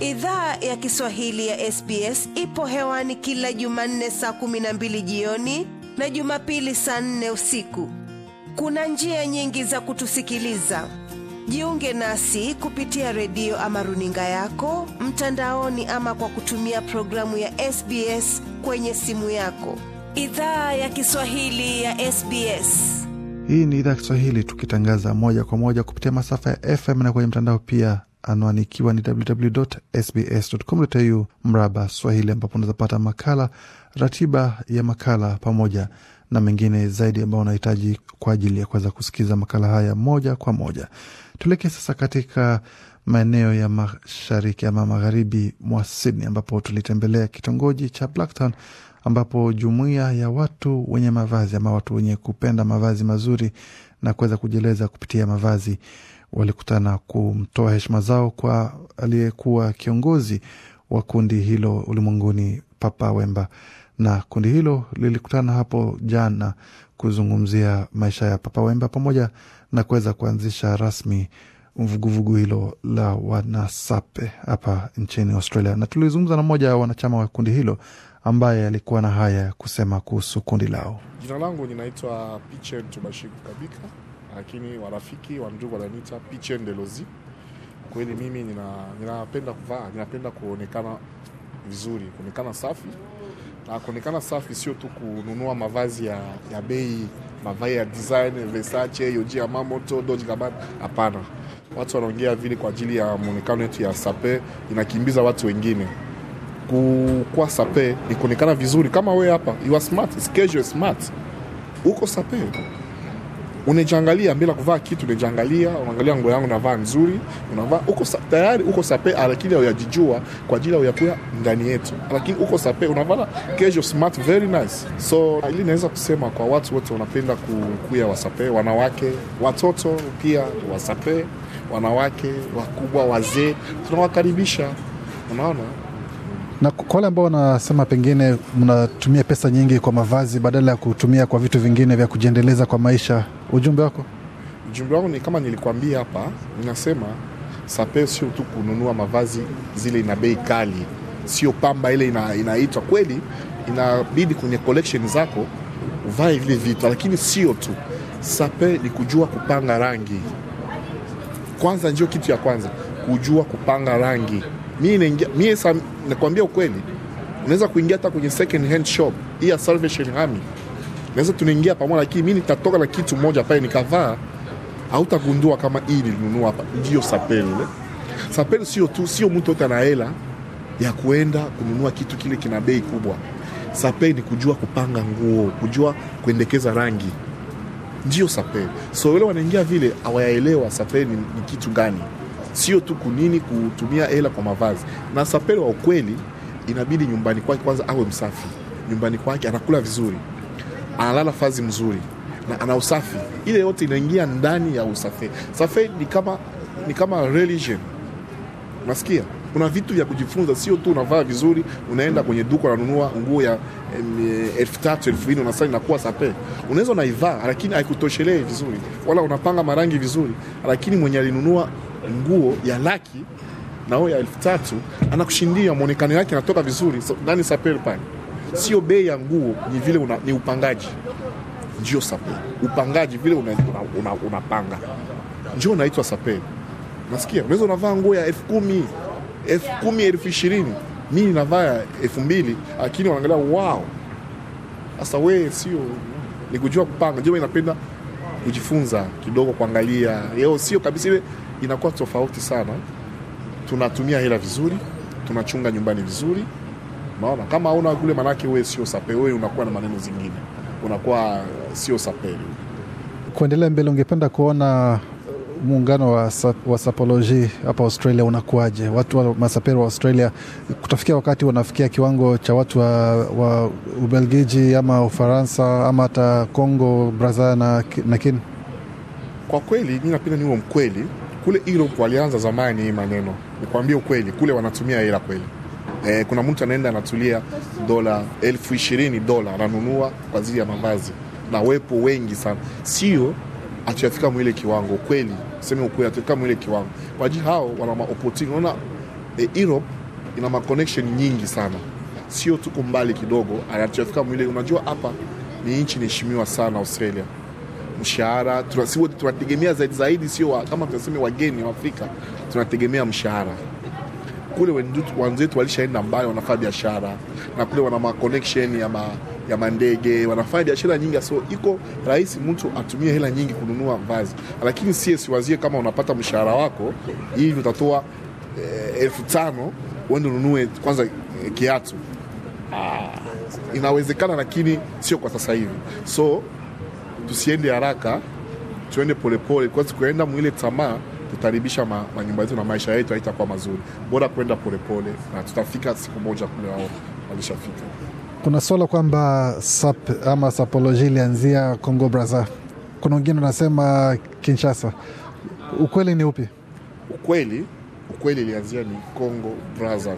Idhaa ya Kiswahili ya SBS ipo hewani kila Jumanne saa kumi na mbili jioni na Jumapili saa nne usiku. Kuna njia nyingi za kutusikiliza. Jiunge nasi kupitia redio ama runinga yako mtandaoni, ama kwa kutumia programu ya SBS kwenye simu yako. Idhaa ya Kiswahili ya SBS. Hii ni idhaa ya Kiswahili tukitangaza moja kwa moja kupitia masafa ya FM na kwenye mtandao pia anwani ikiwa ni www.sbs.com.au mraba Swahili, ambapo unazapata makala, ratiba ya makala pamoja na mengine zaidi ambayo unahitaji kwa ajili ya kuweza kusikiza makala haya moja kwa moja. Tuelekee sasa katika maeneo ya mashariki ama magharibi mwa Sydney, ambapo tulitembelea kitongoji cha Blacktown ambapo jumuiya ya watu wenye mavazi ama watu wenye kupenda mavazi mazuri na kuweza kujieleza kupitia mavazi walikutana kumtoa heshima zao kwa aliyekuwa kiongozi wa kundi hilo ulimwenguni, Papa Wemba, na kundi hilo lilikutana hapo jana kuzungumzia maisha ya Papa Wemba pamoja na kuweza kuanzisha rasmi vuguvugu hilo la wanasape hapa nchini Australia. Na tulizungumza na mmoja wa wanachama wa kundi hilo ambaye alikuwa na haya ya kusema kuhusu kundi lao. Jina langu ninaitwa Pichel Tubashiku Kabika lakini warafiki wandugu wananiita Pichen de Lozi. Kweli mimi ninapenda nina kuvaa, ninapenda kuonekana vizuri, kuonekana safi na kuonekana safi sio tu kununua mavazi ya, ya bei mavazi ya design Versace, Yoji Yamamoto, Dolce Gabbana. Hapana, watu wanaongea vile kwa ajili ya muonekano wetu ya sape, inakimbiza watu wengine kukuwa sape, ni kuonekana vizuri. Kama wewe hapa you are smart, schedule smart, uko sape unajiangalia bila kuvaa kitu, unajiangalia, unaangalia nguo yangu navaa nzuri, unavaa uko tayari, uko sape, lakini hauyajijua kwa ajili ya kuya ndani yetu, lakini uko sape, unavaa casual smart, very nice. So ili naweza kusema kwa watu wote wanapenda kukuya wasape, wanawake, watoto pia wasape, wanawake wakubwa, wazee, tunawakaribisha, unaona. Na kwa wale ambao wanasema pengine mnatumia pesa nyingi kwa mavazi badala ya kutumia kwa vitu vingine vya kujiendeleza kwa maisha, ujumbe wako? Ujumbe wangu ni kama nilikuambia hapa, ninasema sape sio tu kununua mavazi zile ina bei kali, sio pamba ile inaitwa kweli, inabidi kwenye collection zako uvae vile vitu, lakini sio tu sape. Ni kujua kupanga rangi kwanza, ndio kitu ya kwanza, kujua kupanga rangi mi naingia nakwambia ukweli, unaweza kuingia hata kwenye second hand shop hii ya Salvation Army, naweza tunaingia pamoja, lakini mimi nitatoka na kitu moja pale nikavaa, hautagundua kama hii nilinunua hapa. Ndio sapeli ile sapeli, sio tu, sio mtu yote ana hela ya kuenda kununua kitu kile kina bei kubwa. Sapeli ni kujua kupanga nguo, kujua kuendekeza rangi, ndio sapeli. So wale wanaingia vile hawayaelewa sapeli ni kitu gani sio tu kunini kutumia hela kwa mavazi. Na sapele wa ukweli, inabidi nyumbani kwake kwanza awe msafi, nyumbani kwake anakula vizuri, analala fazi mzuri na ana usafi. Ile yote inaingia ndani ya usafi. Safi ni kama, ni kama religion, nasikia kuna vitu vya kujifunza, sio tu unavaa vizuri, unaenda kwenye duka unanunua nguo ya eh, elfu tatu elfu nne unasali nakuwa sape. Unaweza unaivaa, lakini haikutoshelee vizuri, wala unapanga marangi vizuri, lakini mwenye alinunua nguo ya laki huyo ya elfu tatu anakushindia, mwonekano yake anatoka vizuri ndani. sapel pale sio bei ya nguo, ni vile una, ni upangaji, ndio sapeli, upangaji vile unapanga una, una, una ndio unaitwa sapeli. Nasikia unaweza unavaa nguo ya elfu kumi elfu kumi elfu ishirini mi navaa elfu mbili lakini wanaangalia wao. Sasa wee sio ni kujua kupanga, ndio inapenda kujifunza kidogo, kuangalia leo sio kabisa, ile inakuwa tofauti sana. Tunatumia hela vizuri, tunachunga nyumbani vizuri. Unaona, kama una kule, manake wewe sio sape, wewe unakuwa na maneno zingine, unakuwa eh, sio sape. Kuendelea mbele, ungependa kuona muungano wa, wa sapoloji hapa Australia unakuwaje? Watu wa masaperi wa Australia kutafikia wakati wanafikia kiwango cha watu wa, wa Ubelgiji ama Ufaransa ama hata Congo Braza na, na kini? Kwa kweli mi napenda niwe mkweli, kule Europe walianza zamani hii maneno, nikuambia ukweli, kule wanatumia hela kweli. E, kuna mtu anaenda anatulia dola elfu ishirini dola ananunua kwa ajili ya mavazi na wepo wengi sana, sio hatujafika mwile kiwango kweli, seme ukweli, hatujafika mwile kiwango kwa ajili hao wana ma opportunity. Unaona e, Europe ina ma connection nyingi sana, sio tuko mbali kidogo, hatujafika mwile. Unajua hapa ni nchi inaheshimiwa sana Australia mshahara tunategemea zaidi zaidi, sio kama tunasema wageni wa Afrika tunategemea mshahara. Kule wenzetu walishaenda mbali, wanafanya biashara na kule wana ma connection ya ma ya mandege, wanafanya biashara nyingi, so iko rahisi mtu atumie hela nyingi kununua vazi. Lakini sie siwazie kama unapata mshahara wako hivi utatoa eh, elfu tano uende ununue kwanza eh, kiatu ah, inawezekana, lakini sio kwa sasa hivi. So tusiende haraka, tuende polepole, kwa sababu kuenda mwile tamaa tutaribisha ma, manyumba yetu na maisha yetu haitakuwa mazuri. Bora kwenda polepole na tutafika siku moja kule wao walishafika kuna swala kwamba SAP ama sapoloji ilianzia Congo braza kuna wengine wanasema Kinshasa. Ukweli ni upi? Ukweli ukweli ilianzia ni Congo braza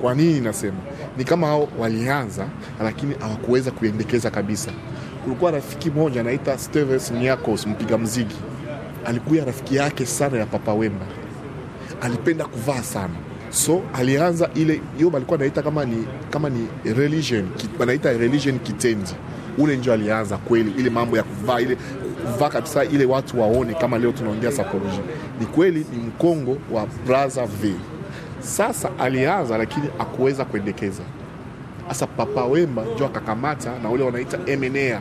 Kwa nini nasema ni kama hao walianza, lakini hawakuweza kuendekeza kabisa. Kulikuwa rafiki moja anaita Steves niacos mpiga mziki, alikuwa rafiki yake sana ya Papa Wemba, alipenda kuvaa sana so alianza ile hiyo balikuwa naita kama ni, kama ni religion wanaita religion kitendi ule ndio alianza kweli ile mambo ya kuvaa ile kuvaa kabisa ile watu waone kama leo tunaongea sakoloji ni kweli ni mkongo wa brother v sasa alianza lakini akuweza kuendekeza sasa papa wema ndio akakamata na ule wanaita mna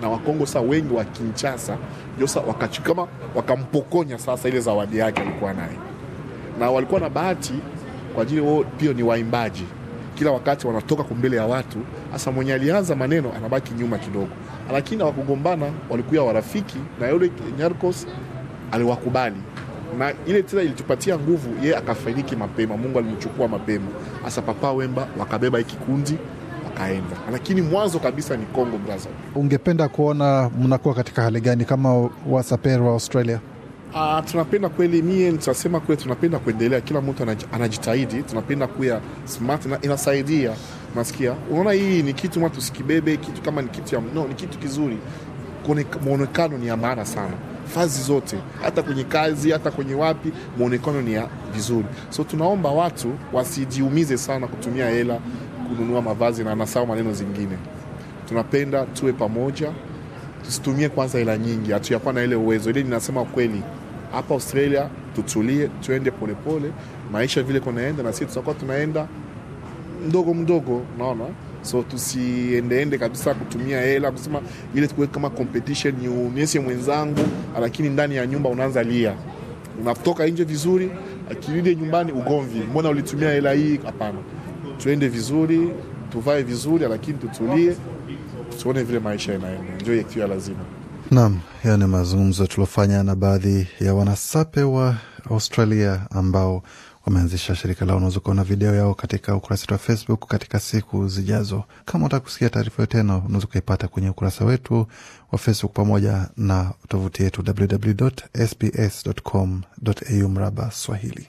na wakongo sa wengi wa kinchasa ndio sa wakachukama wakampokonya sasa ile zawadi yake alikuwa naye na walikuwa na bahati kwa ajili wao pia ni waimbaji, kila wakati wanatoka kumbele ya watu. Hasa mwenye alianza maneno anabaki nyuma kidogo, lakini hawakugombana, walikuwa warafiki, na yule Nyarkos aliwakubali na ile tena ilitupatia nguvu. ye akafariki mapema, Mungu alimchukua mapema, hasa Papa Wemba wakabeba hiki kundi wakaenda. Lakini mwanzo kabisa ni Congo Brazzaville. Ungependa kuona mnakuwa katika hali gani kama wasaper wa Australia? Uh, tunapenda kweli, mie nitasema kweli, tunapenda kuendelea, kila mtu anajitahidi, tunapenda kuya smart na inasaidia. Nasikia unaona, hii ni kitu mtu tusikibebe kitu kama ni kitu ya no, ni kitu kizuri. Muonekano ni ya maana sana, fazi zote, hata kwenye kazi, hata kwenye wapi, muonekano ni ya vizuri. So tunaomba watu wasijiumize sana kutumia hela kununua mavazi na nasawa maneno zingine. Tunapenda tuwe pamoja tusitumie kwanza hela nyingi, hatuyakuwa na ile uwezo ile. Ninasema kweli, hapa Australia tutulie, tuende polepole, maisha vile kunaenda, na sisi tutakuwa tunaenda mdogo mdogo, naona so tusiendeende kabisa kutumia hela kusema ile tukue kama competition, nionyeshe mwenzangu, lakini ndani ya nyumba unaanza lia, unatoka nje vizuri, akirudi nyumbani ugomvi, mbona ulitumia hela hii? Hapana, tuende vizuri, tuvae vizuri, lakini tutulie tuone vile maisha inaenda, njo ikiwa lazima. nam. hayo ni mazungumzo tuliofanya na baadhi ya wanasape wa Australia ambao wameanzisha shirika lao. Unaweza ukaona video yao katika ukurasa wetu wa Facebook katika siku zijazo. Kama unataka kusikia taarifa yo tena, unaweza ukaipata kwenye ukurasa wetu wa Facebook pamoja na tovuti yetu www.sbs.com.au mraba Swahili.